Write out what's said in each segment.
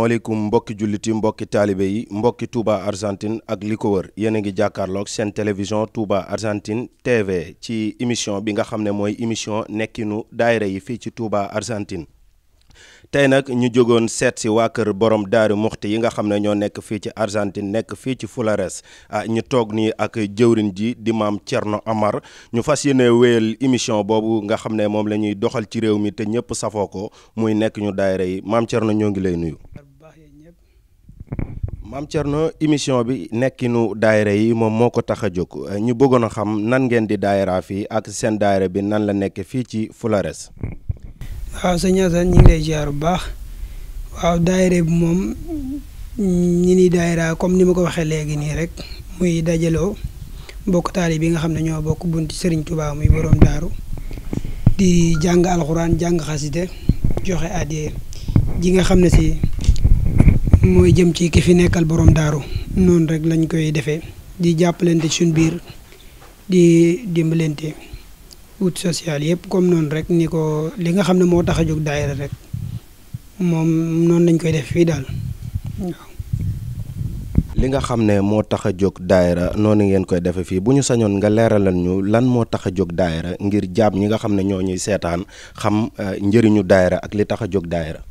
maaleykum mbokki julliti mbokki taalibe yi mbokki Touba Argentine ak li ko wër yéen a ngi jàkkaarloog seen télévision Touba Argentine TV ci émission bi nga xam ne mooy émission nekkinu daayira yi fii ci Touba Argentine tey nag ñu jógoon seet si waa kër borom daari muxti yi nga xam ne ñoo nekk fii ci Argentine nekk fii ci Fulares ah ñu toog nii ak jëwrin ji di maam Thierno Amar ñu fas yéene wéyal émission boobu nga xam ne moom la ñuy doxal ci réew mi te ñëpp safoo ko muy nekk ñu daayira yi maam Thierno ñoo ngi lay nuyu maam Thierno émission bi nekkinu daayira yi moom moo ko tax a jóg ñu bëggoon a xam nan ngeen di daayira fii ak seen daayira bi nan la nekk fii ci Fulares. waaw sa Assane ñu ngi lay bu baax waaw daayira bi moom ñi ni daayira comme ni ma ko waxee léegi nii rek muy dajaloo bokk taalibe bi nga xam ne ñoo bokk bunt Serigne Touba muy borom daaru di jàng alxuraan jàng xaside joxe addiya ji nga xam ne si. mooy jëm ci ki fi nekkal boroom daaru noonu rek lañ koy defee di jàppalante suñ biir di dimbalante wut sociale yëpp comme noonu rek ni ko li nga xam ne moo tax a jóg daayira rek moom noonu lañ koy def fii daal li nga xam ne moo tax a jóg daayira noonu ngeen koy defee fii bu ñu sañoon nga leeralal ñu lan moo tax a jóg daayira ngir jaam ñi nga xam ne ñoo ñuy seetaan xam euh, njëriñu daayira ak li tax a jóg daayira.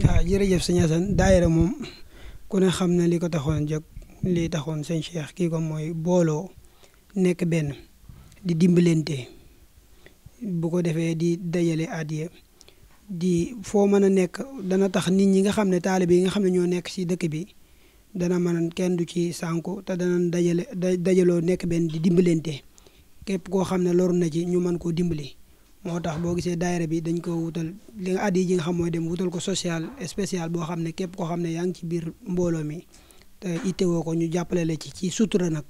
waaw ah, jërëjëf sëñ Assane daayira moom ku ne xam na li ko taxoon jóg li taxoon sëñ Cheikh kii ko mooy booloo nekk benn di dimbalante bu ko defee di dajale adiya di foo mën a nekk dana tax nit ñi nga xam ne taalibe yi nga xam ne ñoo nekk ci dëkk bi dana mën kenn du ci sànku te dana dajale dajaloo nekk benn di dimbalante képp koo xam ne loru na ci ñu mën koo dimbali. moo tax boo gisee daayira bi dañ ko wutal li nga at yi ji nga xam mooy dem wutal ko social spécial boo xam ne koo xam ne yaa ngi ci biir mbooloo mi te ko ñu jàppale la ci ci sutura nag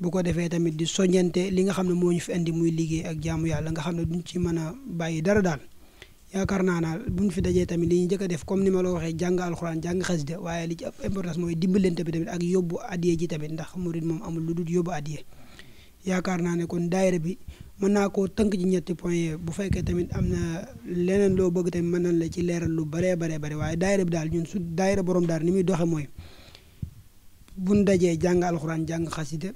bu ko defee tamit di soññante li nga xam ne moo ñu fi indi muy liggéey ak jaamu yàlla nga xam ne duñ ci mën a bàyyi dara daal yaakaar naa naa buñ fi dajee tamit li ñu jëkk def comme ni ma la waxee jàng alxuraan jàng xasida waaye li ci ëpp mooy dimbalante bi tamit ak yóbbu addiye ji tamit ndax murid moom amul lu dul yóbbu addiye yaakaar naa ne kon daayira bi mën naa koo tënk ci ñetti point bu fekkee tamit am na leneen loo bëgg tamit mën nañ la ci leeral lu bare baree bare waaye daayira bi daal ñun su daayira borom daal ni muy doxe mooy buñ dajee jàng alxuraan jàng xasida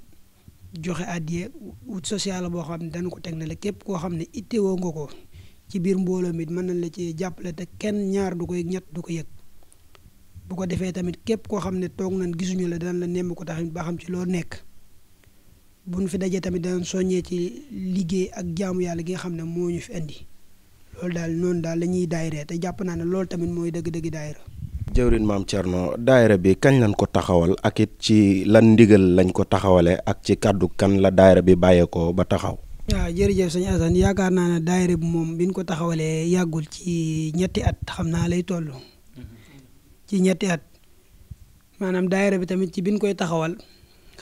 joxe addiye wut social boo xam ne dañ ko teg na la képp koo xam ne ittewoo nga ko ci biir mbooloo mi mën nañ la ci jàppale te kenn ñaar du koy ñett du ko yëg bu ko defee tamit képp koo xam ne toog nañ gisuñu la daan la nemm ko tax ba xam ci loo nekk bu ñu fi dajee tamit danañ soññee ci liggéey ak jaamu yàlla gi nga xam ne moo ñu fi indi loolu daal noonu daal la daayre daayira te jàpp naa ne loolu tamit mooy dëgg-dëgg daayira. jëwrin maam Thierno daayira bi kañ lañ ko taxawal ak it ci lan ndigal lañ ko taxawalee ak ci kàddu kan la daayira bi bàyyeekoo ba taxaw. waaw jërëjëf sëñ yaakaar naa ne daayira bi moom bi ñu ko taxawalee yàggul ci ñetti at xam naa lay toll mm-hmm. ci ñetti at maanaam daayira bi tamit ci bi ñu koy taxawal.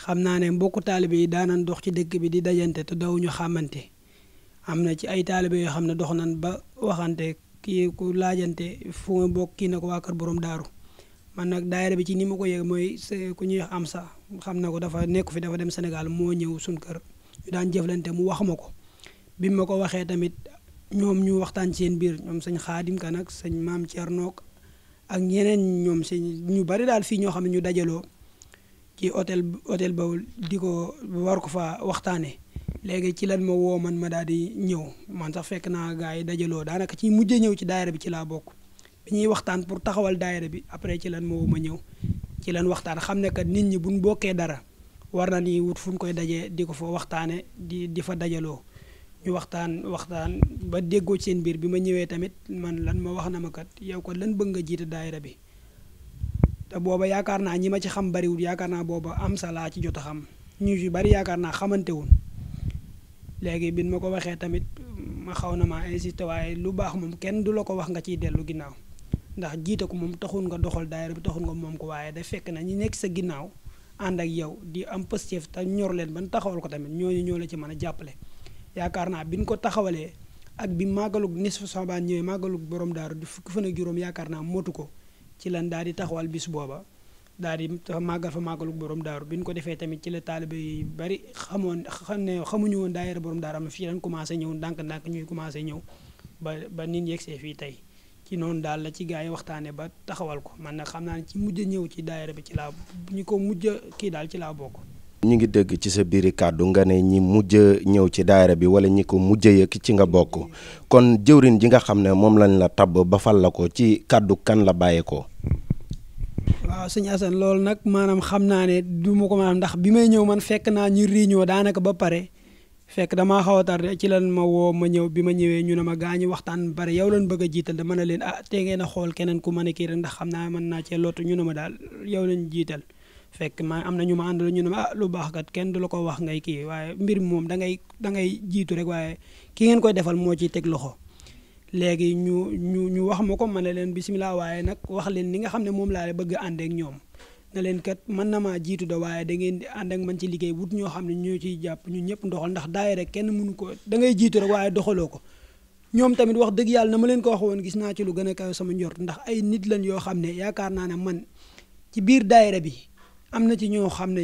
xam naa ne mbokku taalibe yi daanan dox ci dëkk bi di dajante te dawuñu xàmmante am na ci ay taalibe yoo xam ne dox nan ba waxante kii ku laajante fu ma bokk kii na ko waa kër borom daaru man nag daayira bi ci ni ma ko yëg mooy ku ñuy am sax xam na ko dafa nekk fi dafa dem Sénégal moo ñëw suñ kër ñu daan jëflante mu wax ma ko bi ma ko waxee tamit ñoom ñu waxtaan ci seen biir ñoom sëñ xaadim ka nag sëñ maam Thierno ak ñeneen ñoom sëñ ñu bari daal fii ñoo xam ne ñu dajaloo ci hôtel hôtel Bawol di ko war ko fa waxtaanee léegi ci lan ma woo man ma daal di ñëw man sax fekk naa gars yi dajaloo daanaka ci mujj ñëw ci daayira bi ci laa bokk bi ñuy waxtaan pour taxawal daayira bi après ci lan ma woo ma ñëw ci lan waxtaan xam ne kat nit ñi buñ bokkee dara war na ni wut fu ñu koy dajee di ko fa waxtaanee di di fa dajaloo ñu waxtaan waxtaan ba déggoo ci seen biir bi ma ñëwee tamit man lan ma wax na ma kat yow ko lan bëgg nga jiite daayira bi. te booba yaakaar naa ñi ma ci xam bariwul yaakaar naa booba am sa laa ci jot a xam ñu ci bari yaakaar naa xamante wun léegi nu ma ko waxee tamit ma xaw na maa insisté waaye lu baax moom kenn du la ko wax nga ci dellu ginnaaw ndax jiite ko moom taxul nga doxal daayira bi taxul nga moom ko waaye da fekk na ñu nekk sa ginnaaw ànd ak yow di am positif te ñor leen ban taxawal ko tamit ñooñu ñoo la ci mën a jàppale yaakaar naa bi ñu ko taxawalee ak bi màggalug nisfu Saabaan ñëwee màggalug borom daaru di fukki fan ak juróom yaakaar naa motu ko ci lan daal di taxawal bis booba daal di màggal fa màggalu borom daaru bi nu ko defee tamit ci la taalibe yi bari xamoon xam ne xamuñu woon daayira borom daaru am fii lañ commencé ñëw ndànk-ndànk ñuy commencé ñëw ba ba nit yegsee fii tey ci noonu daal la ci gaa yi waxtaanee ba taxawal ko man na xam naa ne ci mujj ñëw ci daayira bi ci laa ñu ko mujj kii daal ci laa bokk. ñu ngi dégg ci sa biiri kàddu nga ne ñi mujj ñëw ci daayira bi wala ñi ko mujj yëkk ci nga bokk kon jëwrin ji nga xam ne moom lañ la tab ba fal la ko ci kàddu kan la bàyyeekoo. waaw sëñ Assane loolu nag maanaam xam naa ne du ma ko maanaam ndax bi may ñëw man fekk naa ñu réunion daanaka ba pare fekk damaa xaw a tardé ci lan ma woo ma ñëw bi ma ñëwee ñu ne ma gaañu waxtaan ba pare leen lan bëgg jiital da mën a leen ah te ngeen a xool keneen ku mën a kii ndax xam naa mën naa cee lottu ñu ma daal yow lañ jiital fekk ma am na ñu ma àndal ñu ne ma ah lu baax kat kenn du la ko wax ngay kii waaye mbir mi moom da ngay da ngay jiitu rek waaye ki ngeen koy defal moo ciy teg loxo. léegi ñu ñu ñu wax ma ko ma ne leen bisimilah waaye nag wax leen ni nga xam ne moom laa bëgg àndeek ñoom na leen kat mën na maa jiitu da waaye da ngeen di ànd ak man ci liggéey wut ñoo xam ne ñoo ciy jàpp ñun ñëpp ndoxal ndax daay rek kenn mënu ko da ngay jiitu rek ko ñoom tamit dëgg yàlla na ma leen ko wax woon gis naa ci lu gën a kaw sama njort ndax ay nit lañ yoo xam ne yaakaar naa ne man ci biir daayira bi am na ci ñoo xam ne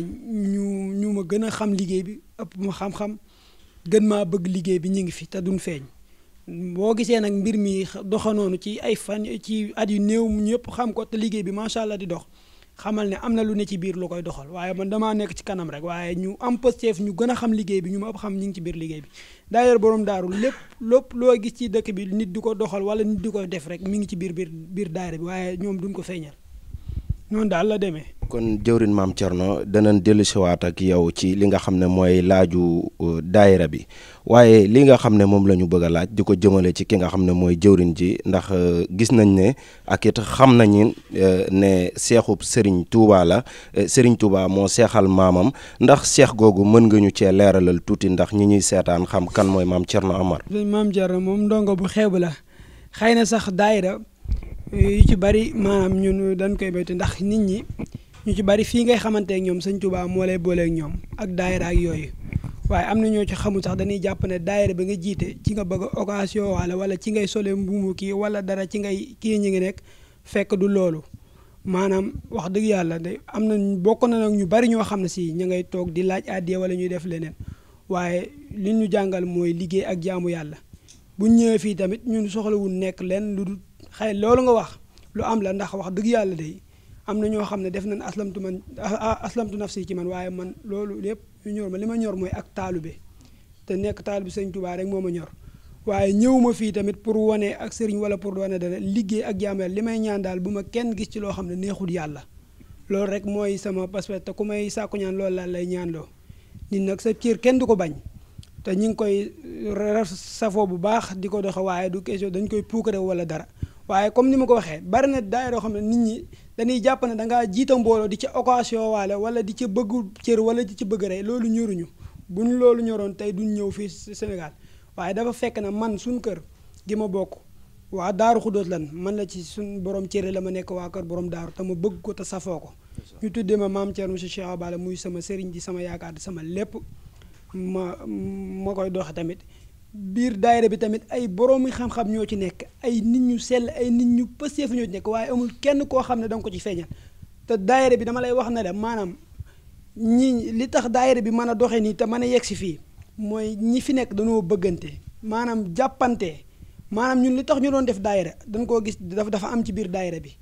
ñu ñu ma gën a xam liggéey bi ëpp ma xam-xam gën maa bëgg liggéey bi ñu ngi fi te duñ feeñ boo gisee nag mbir mi doxanoonu ci ay fan ci at yu néew ñëpp xam ko te liggéey bi macha allah di dox xamal ne am na lu ne ci biir lu koy doxal waaye man damaa nekk ci kanam rek waaye ñu am posteef ñu gën a xam liggéey bi ñu ma ëpp xam ñu ngi ci biir liggéey bi d'ailleurs borom daaru lépp lépp loo gis ci dëkk bi nit di ko doxal wala nit di ko def rek mi ngi ci biir biir biir daayira bi waaye ñoom duñ ko feeñal noonu daal la demee. kon jëwrin maam Thierno danañ dellusiwaat ak yow ci li nga xam ne mooy laaju uh, daayira bi waaye li nga xam ne moom la ñu bëgg a laaj di ko jëmale ci ki nga xam ne mooy jëwrin ji ndax uh, gis nañ ne ak it xam nañu uh, ne seexub sëriñ Touba la sëriñ Touba moo seexal maamam ndax seex googu mën nga ñu cee leeralal tuuti ndax ñi ñuy seetaan xam kan mooy maam Thierno Amar. moom ndongo bu xeeb la xëy na sax daayira yu ci bari maanaam ñun dañ koy béyte ndax nit ñi ñu ci bari fii ngay xamante ak ñoom sëñ Tuubaa moo lay booleek ñoom ak daayira ak yooyu waaye am na ñoo ci xamul sax dañuy jàpp ne daayira bi nga jiite ci nga bëgg a occasion wala wala ci ngay sole mbuumu kii wala dara ci ngay kii ñu ngi nekk fekk du loolu maanaam wax dëgg yàlla de am na bokk na nag ñu bari ñoo xam ne si ñu ngay toog di laaj àddiya wala ñuy def leneen waaye li ñu jàngal mooy liggéey ak jaamu yàlla xëy loolu nga wax lu am la ndax wax dëgg yàlla day am na ñoo xam ne def nañ aslamtu man aslamtu nafsi ci man waaye man loolu lépp ñu ñor ma li ma ñor mooy ak taalube te nekk taalube sëñ Tuubaa rek moo ma ñor waaye ñëw ma fii tamit pour wane ak sëriñ wala pour wane dara liggéey ak jaamu li may ñaan daal bu ma kenn gis ci loo xam ne neexul yàlla loolu rek mooy sama passport te ku may sàkku ñaan loolu laa lay ñaan loo nit nag sa cër kenn du ko bañ te ñu ngi koy safoo bu baax di ko doxe waaye du question dañ koy puukare wala dara waaye comme ni ma ko waxee bari na daayira yoo xam ne nit ñi dañuy jàpp ne da jiita mbooloo di ca occasion waale wala di ca bëgg cër wala di ca bëgg rey loolu ñoruñu buñ loolu ñoroon tey duñ ñëw fii Sénégal waaye dafa fekk na man suñ kër gi ma bokk waa daaru xudóot lan man la ci suñ borom cëre la ma nekk waa kër borom daaru te ma bëgg ko te safoo ko ñu tuddee ma maam Thierno monsieur Cheikh Awa muy sama sëriñ di sama yaakaar di sama lépp ma ma koy doxe tamit biir daayira bi tamit ay boroomi xam-xam ñoo ci nekk ay nit ñu sell ay nit ñu pëseefu ñoo ci nekk waaye amul kenn koo xam ne danga ko ci feeñal te daayira bi dama lay wax ne maanaam ñi li tax daayira bi mën a doxe nii te mën a yegg si fii mooy ñi fi nekk dañoo bëggante maanaam jàppante maanaam ñun li tax ñu doon def daayira dañ koo gis dafa dafa am ci biir daayira bi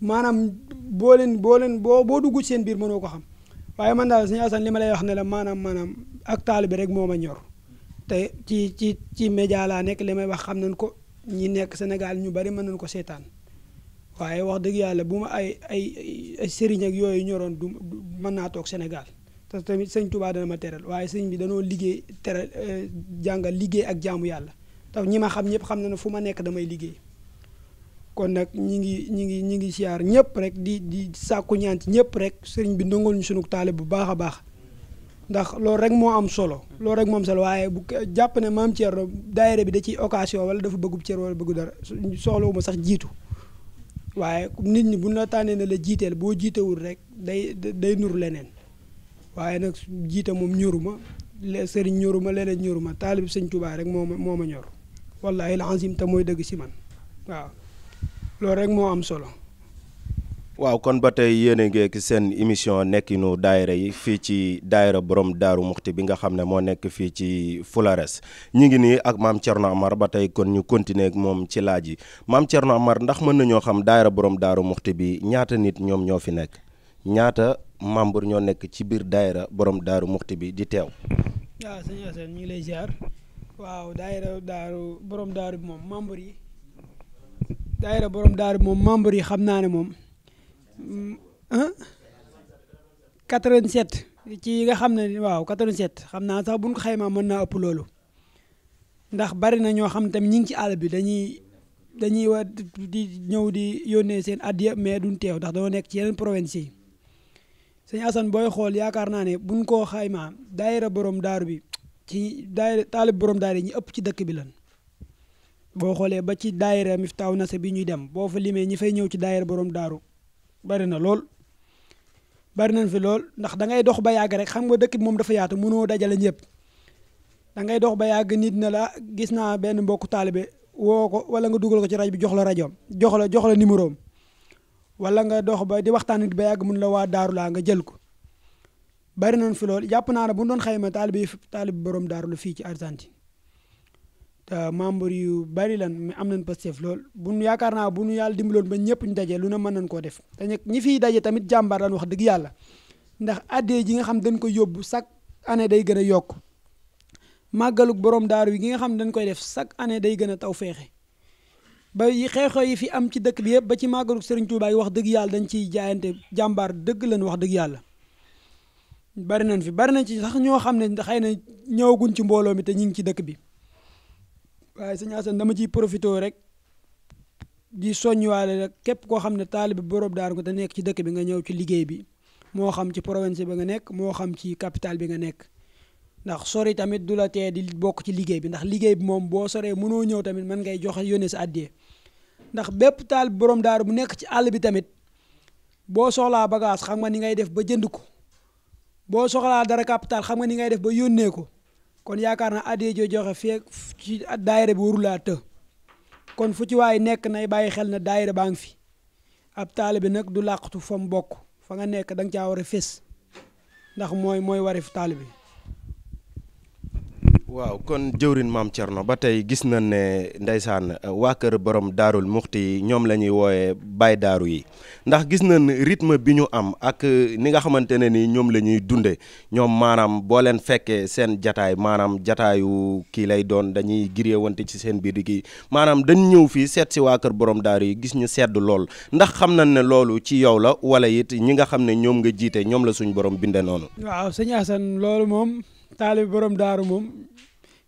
maanaam boo leen boo leen boo boo dugg seen biir mënoo ko xam waaye man daal suñu asan ma lay wax ne la maanaam maanaam ak taalibe rek moo ma ñor te ci ci ci média laa nekk li may wax xam nañ ko ñi nekk Sénégal ñu bari mën nañ ko seetaan waaye wax dëgg yàlla bu ma ay ay ay sëriñ ak yooyu ñoroon du mën naa toog Sénégal te tamit sëñ Touba dana ma waaye sëñ bi danoo liggéey teral euh, jàngal liggéey ak jaamu yàlla te ñi ma xam ñëpp xam na ne fu ma nekk damay liggéey kon nag ñi ngi ñi ngi ñi ngi siyaar ñëpp rek di di sàkku ñaan ci ñëpp rek sëriñ bi ndongol ñu sunu taale bu baax a baax ndax loolu rek moo am solo loolu rek moo am solo waaye bu jàpp ne maam Thierno daayira bi da ciy occasion wala dafa bëggub cër wala bëggu dara ma sax jiitu waaye nit ñi bu ñu tànnee ne la jiiteel boo jiitewul rek day day nur leneen waaye nag jiite moom ñoruma sëriñ ñoruma leneen ñoruma taalib sëñ tubaay rek moo ma moo ma ñor wallaahi la azim te mooy dëgg si man waaw loolu rek moo am solo waaw kon ba tey yéen a ngeek seen émission nekkinu daayira yi fii ci daayira boroom daaru muxti bi nga xam ne moo nekk fii ci Fulares ñu ngi nii ak maam Thierno Amar ba tey kon ñu continuer ak moom ci laaj yi maam Thierno Amar ndax mën nañoo xam daayira borom daaru muxti bi ñaata nit ñoom ñoo fi nekk ñaata membre ñoo nekk ci biir daayira borom daaru muxti bi di teew. waaw sëñ lay ziar waaw daayira daaru borom bi moom membre yi daayira borom daaru bi yi xam naa ne moom. 87 mm, uh-huh. ci yi nga xam ne waaw 87 xam naa sax buñ ko xaymaa mën naa ëpp loolu ndax bari na ñoo xam ne tam ñi ngi ci àll bi dañuy dañuy wa di ñëw di yónnee seen addiya mais duñ teew ndax dañoo nekk ci yeneen province yi sëñ Assane booy xool yaakaar naa ne buñ koo xaymaa daayira borom daaru bi ci daayira taalib borom daaru yi ñu ëpp ci dëkk bi lan boo xoolee ba ci daayira Miftaaw Nase bi ñuy dem boo fa limee ñi fay ñëw ci daayira borom daaru bari na lool bari nañ fi lool ndax da ngay dox ba yàgg rek xam nga dëkk bi moom dafa yaatu mënoo dajale ñëpp da ngay dox ba yàgg nit na la gis naa benn mbokku taalibe woo ko wala nga dugal ko ci rajo bi jox la rajoom jox la jox la numéro am wala nga dox ba di waxtaan nit ba yàgg mun la waa daaru laa nga jël ko bari nañ fi lool jàpp naa ne bu ñu doon xayma taalibe yi taalibe borom daaru la fii ci Argentine membre yu bari lan mais am nañ Pastef lool bu nu yaakaar naa bu nu yàlla dimbaloon ba ñëpp ñu daje lu ne mën nañ ko def te ñi fiy daje tamit jàmbaar lan wax dëgg yàlla ndax addee ji nga xam dañ ko yóbbu chaque année day gën a yokk màggaluk borom daaru yi gi nga xam dañ koy def chaque année day gën a taw feexe ba xeexoo yi fi am ci dëkk yëpp ba ci màggaluk Serigne Touba yi wax dëgg yàlla dañ ciy jaayante jàmbaar dëgg lan wax dëgg yàlla bari nañ fi bari nañ ci sax ñoo xam ne xëy na ñëwaguñ ci mbooloo mi te ñu ngi ci dëkk bi waaye sëñ Assane dama ciy profité rek di soññiwaale rek képp koo xam ne taalibe borom daaru ko te nekk ci dëkk bi nga ñëw ci liggéey bi moo xam ci province bi nga nekk moo xam ci capitale bi nga nekk ndax sori tamit du la tee di bokk ci liggéey bi ndax liggéey bi moom boo soree mënoo ñëw tamit mën ngay jox yónnee sa àddiyee ndax bépp taal borom daar bu nekk ci àll bi tamit boo soxlaa bagage xam nga ni ngay def ba jënd ko boo soxlaa dara capital xam nga ni ngay def ba yónnee ko kon yaakaar na addiya joo joxe fee ci daayira bi waru laa të kon fu ci waay nekk nay bàyyi xel na daayira baa ngi fi ab taalibe nag du làqatu fa mu bokk fa nga nekk da nga caa war a fés ndax mooy mooy warif taalibe waaw kon jëwrin maam Thierno ba tey gis na ne ndeysaan waa kër borom daarul muxti ñoom la ñuy wooyee baay daaru yi ndax gis na ne rythme bi ñu am ak euh, ni nga xamante ne ni ñoom la ñuy dunde ñoom maanaam boo leen fekkee seen jataay maanaam jataayu kii lay doon dañuy giree wante ci seen biir kii maanaam dañ ñëw fii seet si waa kër borom daaru yi gis ñu sedd lool ndax xam nañ ne loolu ci yow la wala it ñi nga xam ne ñoom nga jiite ñoom la suñu borom binde noonu.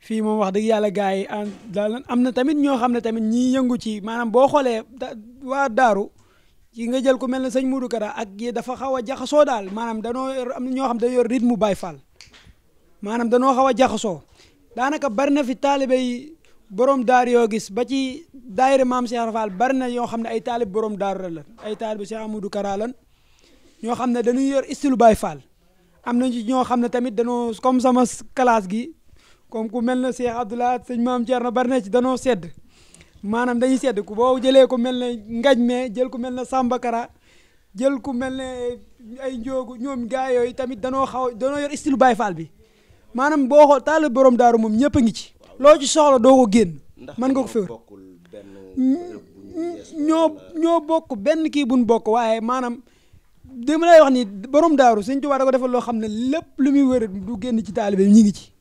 fii moom wax dëgg yàlla gars yi en am na tamit ñoo xam ne tamit ñiy yëngu ci maanaam boo xoolee waa daaru ci nga jël ku mel ne sëñ Modou Kara ak yi dafa xaw a jaxasoo daal maanaam danoo am na ñoo xam dañoo yor rythme Baye Fall maanaam danoo xaw a jaxasoo daanaka bari na fi taalibe yi borom daar yoo gis ba ci daayira maam Cheikh Fall bari na yoo xam ne ay taalib borom daar la ay taalib Cheikh Modou Kara lan ñoo xam ne dañuy yor style Baye Fall am na ci ñoo xam ne tamit danoo comme sama classe gi. comme ku mel na Cheikh Abdoulaye sëñ maam Thierno bari na ci danoo sedd maanaam dañuy sedd ku boo jëlee ku mel ne Ngañ mee jël ku mel na Samba Kara jël ku mel ne ay njoogu ñoom gaa yooyu tamit danoo xaw danoo yor style Baye bi maanaam boo xool taal borom daaru moom ñëpp a ngi ci. loo ci soxla doo ko génn. mën nga ko féewal ñoo bokk benn kii buñ bokk waaye maanaam. dama lay wax ni borom daaru sëñ Tuubaa da ko defal loo xam ne lépp lu muy wër du génn ci taalibe ñi ngi ci.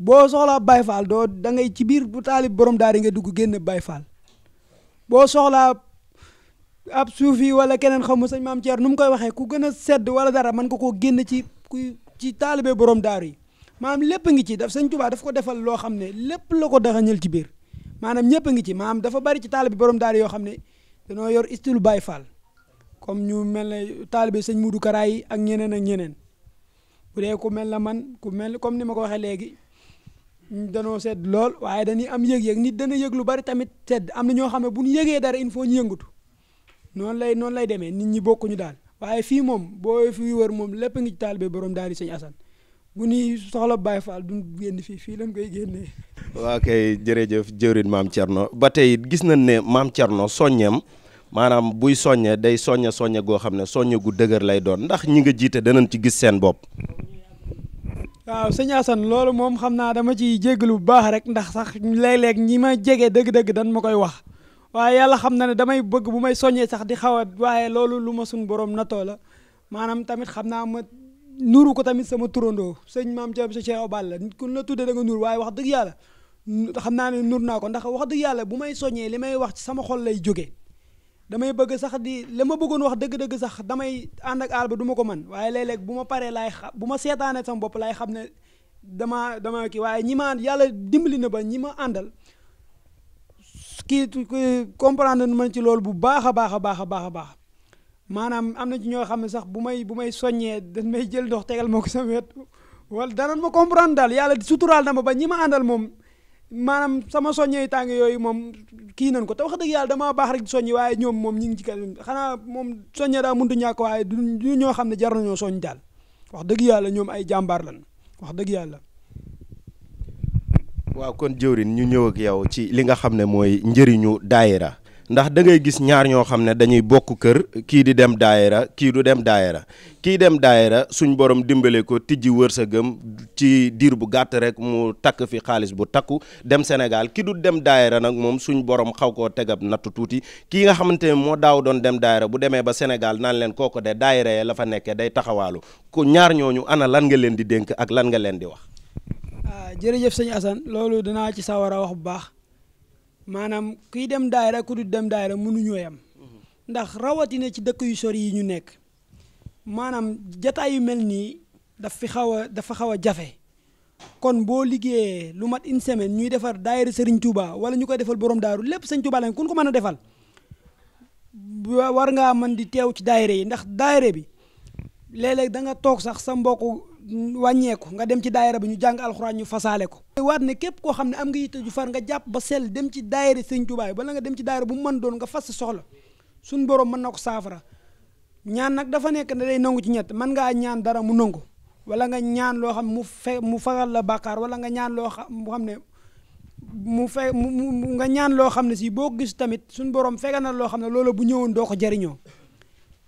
boo soxlaa Baye Fall doo da ngay ci biir bu taalib borom daara nga dugg génn Baye Fall boo soxlaa ab suufi wala keneen ma sëñ maam Thierno nu mu koy waxee ku gën a sedd wala dara mën ko koo génn ci ku ci taalibe borom daaru yi maanaam lépp ngi ci daf sëñ Tuubaa daf ko defal loo xam ne lépp la ko daxañal ci biir maanaam ñëpp a ngi ci maam dafa bari ci taalibe borom daaru yoo xam ne danoo yor style Baye Fall comme ñu mel ne taalibe sëñ Mudu Karaay ak ñeneen a ñeneen bu ku mel na man ku mel comme ni ma ko waxee léegi. danoo sedd lool waaye dañuy am yëg-yëg nit dana yëg lu bari tamit sedd am na ñoo xam ne bu ñu yëgee dara il ñu yëngatu noonu lay noonu lay demee nit ñi bokkuñu daal waaye fii moom boo fi wër moom lépp ngi ci taalibe borom daal di sëñ Assane bu ñuy soxla Baye Fall du génn fii fii lañ koy génnee. waa kay jërëjëf jëwrin maam Thierno ba tey gis nañ ne maam Thierno soññeem maanaam buy soññe day soññe soññe goo xam ne soññe gu dëgër lay doon ndax ñi nga jiite danañ ci gis seen bopp. waaw sëñ Assane loolu moom xam naa dama ciy jégalu lu baax rek ndax sax léeg-léeg ñi ma jege dëgg-dëgg dañ ma koy wax waaye yàlla xam na ne damay bëgg bu may soñee sax di xaw waaye loolu lu ma suñ borom natoo la maanaam tamit xam naa ma nuru ko tamit sama turandoo sëñ maam Thiam sa Cheikh baal la ku la tuddee da nga nur waaye wax dëgg yàlla xam naa ne nur naa ko ndax wax dëgg yàlla bu may soññee li may wax ci sama xol lay jógee damay bëgg sax di la ma bëggoon wax dëgg-dëgg sax damay ànd ak aal duma ko man waaye léeg-léeg bu ma paree laay xa bu ma seetaanee sama bopp laay xam ne damaa dama kii waaye ñi ma yàlla dimbali na ba ñi ma àndal kii comprendre nu ma ci loolu bu baax a baax a baax a baax a baax maanaam am na ñoo xam ne sax bu may bu may soññee dañ may jël ndox tegal moo ko sama wet wala danañ ma comprendre daal yàlla suturaal na ma ba ñi ma àndal moom maanaam sama soññee tàng yooyu moom kii nañ ko te wax dëgg yàlla damaa baax rek soññi waaye ñoom moom ñi ngi ci kanam xanaa moom soññee daa mënut a ñàkk waaye du ñoo xam ne jar nañoo soññ daal wax dëgg yàlla ñoom ay jàmbaar lan wax dëgg yàlla. waaw kon jëwrin ñu ñëw ak yow ci li nga xam ne mooy njëriñu daayira ndax da ngay gis ñaar ñoo xam ne dañuy bokk kër kii di dem daayira kii du dem daayira kii dem daayira suñ borom dimbalee ko tijji wërsëgam ci diir bu gàtt rek mu takk fi xaalis bu takku dem senegal ki du dem daayira nag moom suñ borom xaw koo tegab nattu tuuti kii nga xamante ne moo daaw doon dem daayira bu demee ba Sénégal naan leen kooko de daayira ya la fa nekkee day taxawaalu ko ñaar ñooñu ana lan nga leen di dénk ak lan nga leen di wax. Ah, jërëjëf sëñ Assane loolu bu baax. maanaam kuy dem daayira ku du dem daayira mënuñoo yem mm-hmm. ndax rawatina ci dëkk yu sore yi ñu nekk maanaam jataay yu mel nii daf fi xaw a dafa xaw a jafe kon boo liggéeyee lu mat une semaine ñuy defar daayira Sëriñ Tuuba wala ñu koy defal borom daaru lépp sañ Tuuba lañ kun ko mën a defal war ngaa mën di teew ci daayira yi ndax daayira bi léeg-léeg da nga toog sax sa mbokk wàññeeku nga dem ci daayira bi ñu jàng alxuraan ñu fasaale ko waat ne képp koo xam ne am nga yitte ju far nga jàpp ba sell dem ci daayira sëñ Tuubaa bala nga dem ci daayira bu mu mën doon nga fas soxla suñ borom mën na ko saafara ñaan nag dafa nekk ne day nangu ci ñett man ngaa ñaan dara mu nangu wala nga ñaan loo xam mu fe mu fagal la bàkkaar wala nga ñaan loo xam mu xam ne mu fe mu mu nga ñaan loo xam ne si boo gis tamit suñ borom fegal na loo xam ne loola bu ñëwoon doo ko jariñoo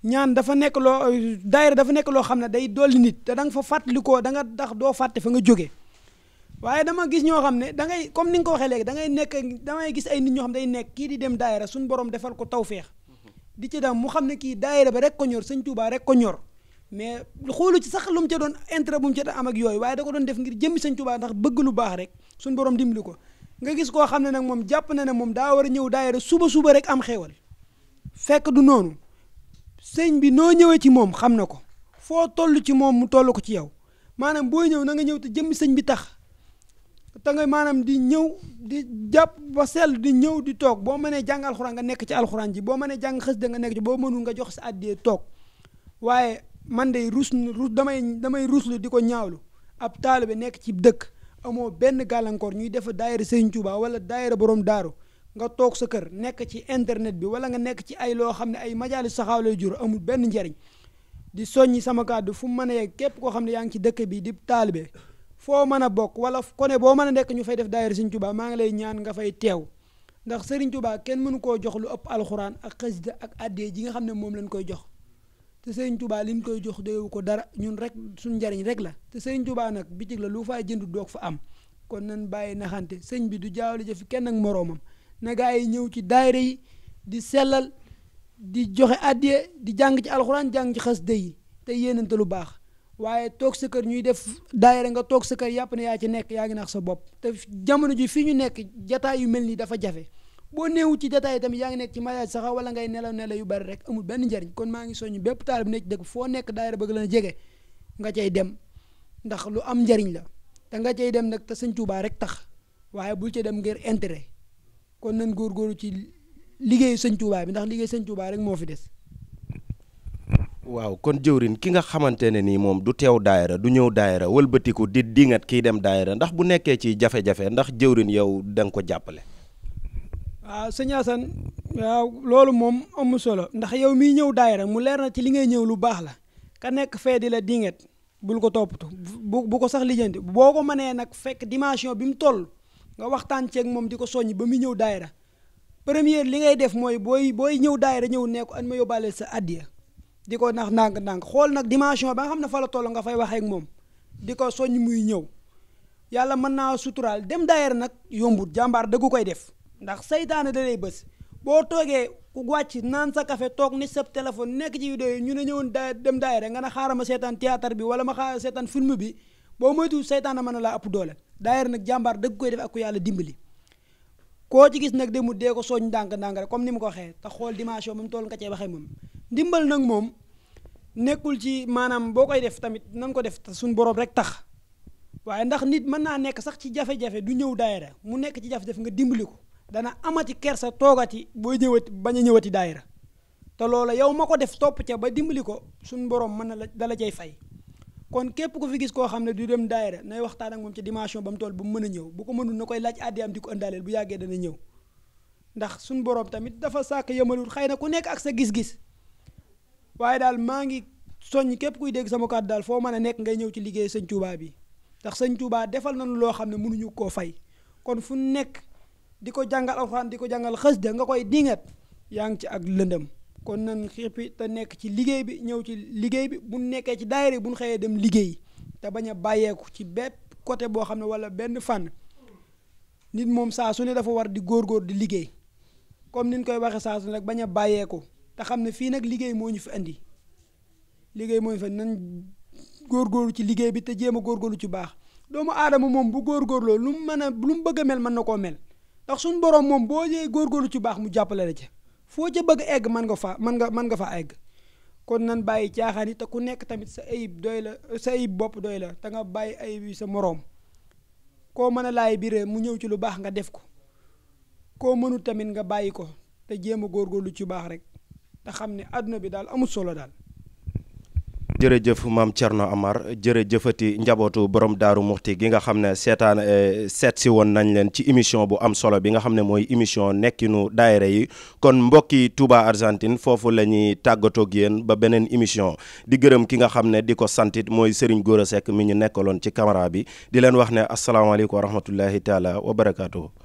ñaan dafa nekk loo daayira dafa nekk loo xam ne day dolli nit te da nga fa fàttalikoo da nga dax doo fàtte fa nga jógee waaye dama gis ñoo xam ne da ngay comme ni nga ko waxee léegi da ngay nekk damay gis ay nit ñoo xam day nekk kii di dem daayira suñ borom defal ko tawféex di ci dem mu xam ne kii daayira ba rek ko ñor sëñ Tuubaa rek ko ñor mais xoolu ci sax lu mu ca doon intérêt bu mu ca am ak yooyu waaye da ko doon def ngir jëmmi sëñ Tuubaa ndax bëgg lu baax rek suñu ko nga gis koo xam ne nag moom jàpp na ne moom daa war a ñëw daayira suba suba rek am xéewal fekk noonu sëñ bi noo ñëwee ci moom xam na ko foo toll ci moom mu toll ko ci yow maanaam booy ñëw na nga ñëw te jëmmi sëñ bi tax te nga maanaam di ñëw di jàpp ba sell di ñëw di toog boo mënee jàng alxuraan nga nekk ci alxuraan ji boo mënee jàng xës da nga nekk ci boo mënul nga jox sa àddee toog waaye man de rus ruus damay damay ruuslu di ko ñaawlu ab bi nekk ci dëkk amoo benn gàllankoor ñuy defa daayira sëñ Tuubaa wala daayira borom daaru nga toog sa kër nekk ci internet bi wala nga nekk ci ay loo xam ne ay majaali saxaaw lay jur amul benn njariñ di soññ sama kàddu fu mu mën a yegg képp koo xam ne yaa ngi ci dëkk bi di taalibe foo mën a bokk wala kone boo mën a nekk ñu fay def daayira Sëriñ tubaa maa ngi lay ñaan nga fay teew ndax Sëriñ Tuubaa kenn mënu koo jox lu ëpp alxuraan ak xasida ak addee ji nga xam ne moom lañ koy jox te Sëriñ Tuubaa liñ koy jox doyewu ko dara ñun rek suñ njariñ rek la te Sëriñ Tuubaa nag bitig la lu fay jënd doog fa am kon nañ bàyyi naxante sëñ bi du jaawale jëfi kenn ak moroomam nagaa yi ñëw ci daayira yi di sellal di joxe addiye di jàng ci alxuraan jàng ci xasida yi te yéenante lu baax waaye toog sa kër ñuy def daayira nga toog sa kër yàpp ne yaa ci nekk yaa ngi nax te jamono ji fii ñu nekk jataay yu mel nii dafa jafe boo néewu ci jataay tamit yaa ngi nekk ci mariage sax wala ngay nelaw nelaw yu bari rek amul benn njariñ kon maa ngi soññ bépp taal bi nekk dëkk foo nekk daayira bëgg la jege nga cay dem ndax lu am njariñ la te nga cay dem nag te sëñ Tuubaa rek tax waaye bul cee dem ngir intérêt kon góor góoru ci liggéey sëñ Touba bi ndax liggéey sëñ Touba rek moo fi des. waaw kon jëwrin ki nga xamante ne nii moom du teew daayira du ñëw daayira walbatiku di dingat kiy dem daayira ndax bu nekkee ci jafe-jafe ndax jëwrin yow danga ko jàppale. waaw ah, sëñ waaw loolu moom amu solo ndax yow miy ñëw daayira mu leer na ci li ngay ñëw lu baax la ka nekk fee di la dingat bul ko toppatu bu ko sax lijjanti boo ko mënee nag fekk dimension bi mu toll. nga waxtaan ceeg moom di ko soññ ba muy ñëw daayira première li ngay def mooy booy booy ñëw daayira ñëw nekk an ma yóbbaale sa addiya di ko nax ndànk-ndànk xool nag dimension ba nga xam ne fa la toll nga fay waxeek moom di ko soññ muy ñëw yàlla mën naa suturaal dem daayira nag yombut jàmbaar dëggu koy def ndax saytaane da lay bës boo toogee ku wàcc naan sa café toog ni sa téléphone nekk ci vidéo yi ñu ne ñëwoon da dem daayira nga ne xaaral ma seetaan théâtre bi wala ma xaaral seetaan film bi boo moytu saytaane mën na laa ëpp doole daayira nag jàmbaar dëgg koy def ak ku yàlla dimbali koo ci gis nag demut dee ko sooñ ndànk-ndànk rek comme ni mu ko waxee te xool dimension moom tool nga cee waxee moom ndimbal nag moom nekkul ci maanaam boo koy def tamit nan ko def suñu borom rek tax waaye ndax nit mën naa nekk sax ci jafe-jafe du ñëw daayira mu nekk ci jafe-jafe nga dimbali ko dana amati kersa toogati booy ñëwati bañ a ñëwati daayira te loola yow ma ko def topp ca ba dimbali ko suñu borom mën na la dala cay fay kon képp ku fi gis koo xam ne du dem daayira nay waxtaan ak moom ci dimension ba mu toll bu mu mën a ñëw bu ko mënul na koy laaj àddi am di ko ëndaaleel bu yàggee dana ñëw ndax suñu boroom tamit dafa sàkk yëmalul xëy na ku nekk ak sa gis-gis waaye daal maa ngi soññ képp kuy dégg sama kàddu daal foo mën a nekk ngay ñëw ci liggéey sëñ Touba bi ndax sëñ Touba defal nañu loo xam ne mënuñu koo fay kon fu nekk di ko jàngal alxuraan di ko jàngal xës da nga koy dingat yaa ngi ci ak lëndëm kon nan xippi te nekk ci liggéey bi ñëw ci liggéey bi bu nekkee ci daayira bu ñu xëyee dem liggéey te bañ a bàyyeeku ci bépp côté boo xam ne wala benn fànn nit moom saa su ne dafa war di góor góor di liggéey comme ni koy waxee saa su ne rek bañ a bàyyeeku te xam ne fii nag liggéey moo ñu fi andi liggéey moo ñu fi nan góorgóorlu ci liggéey bi te jéem a góorgóorlu ci baax doomu aadama moom bu góor góorloo lu mu mën a lu mu bëgg mel mën na koo mel ndax suñu borom moom boo jee góorgóorlu ci baax mu jàppale la ca. foo ca bëgg egg mën nga faa mën nga mën nga faa egg kon nan bàyyi caaxaan yi te ku nekk tamit sa ayib doy la sa ayib bopp doy la te nga bàyyi ayib yi sa moroom koo mën a laay biire mu ñëw ci lu baax nga def ko koo mënul tamit nga bàyyi ko te jéem a góorgóorlu ci baax rek te xam ni àdduna bi daal amul solo daal jërëjëf maam Thierno Amar jërëjëfati njabootu borom daaru muxti gi nga xam ne seetaan eh, seet si woon nañ leen ci émission bu am solo bi nga xam ne mooy émission nekkinu daayira yi kon mbokki Touba Argentine foofu la ñuy tàggatoo ak ba beneen émission di gërëm ki nga xam ne di ko santit mooy Serigne Gora Seck mi ñu nekkaloon ci caméra bi di leen wax ne asalaamaaleykum wa rahmatullahi taala wa